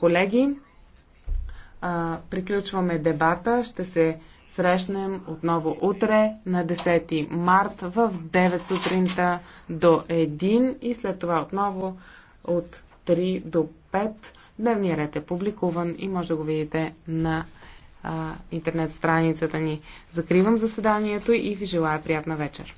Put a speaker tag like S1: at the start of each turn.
S1: Колеги, а, приключваме дебата. Ще се срещнем отново утре на 10 март в 9 сутринта до 1 и след това отново от 3 до 5. Дневният ред е публикуван и може да го видите на а, интернет страницата ни. Закривам заседанието и ви желая приятна вечер.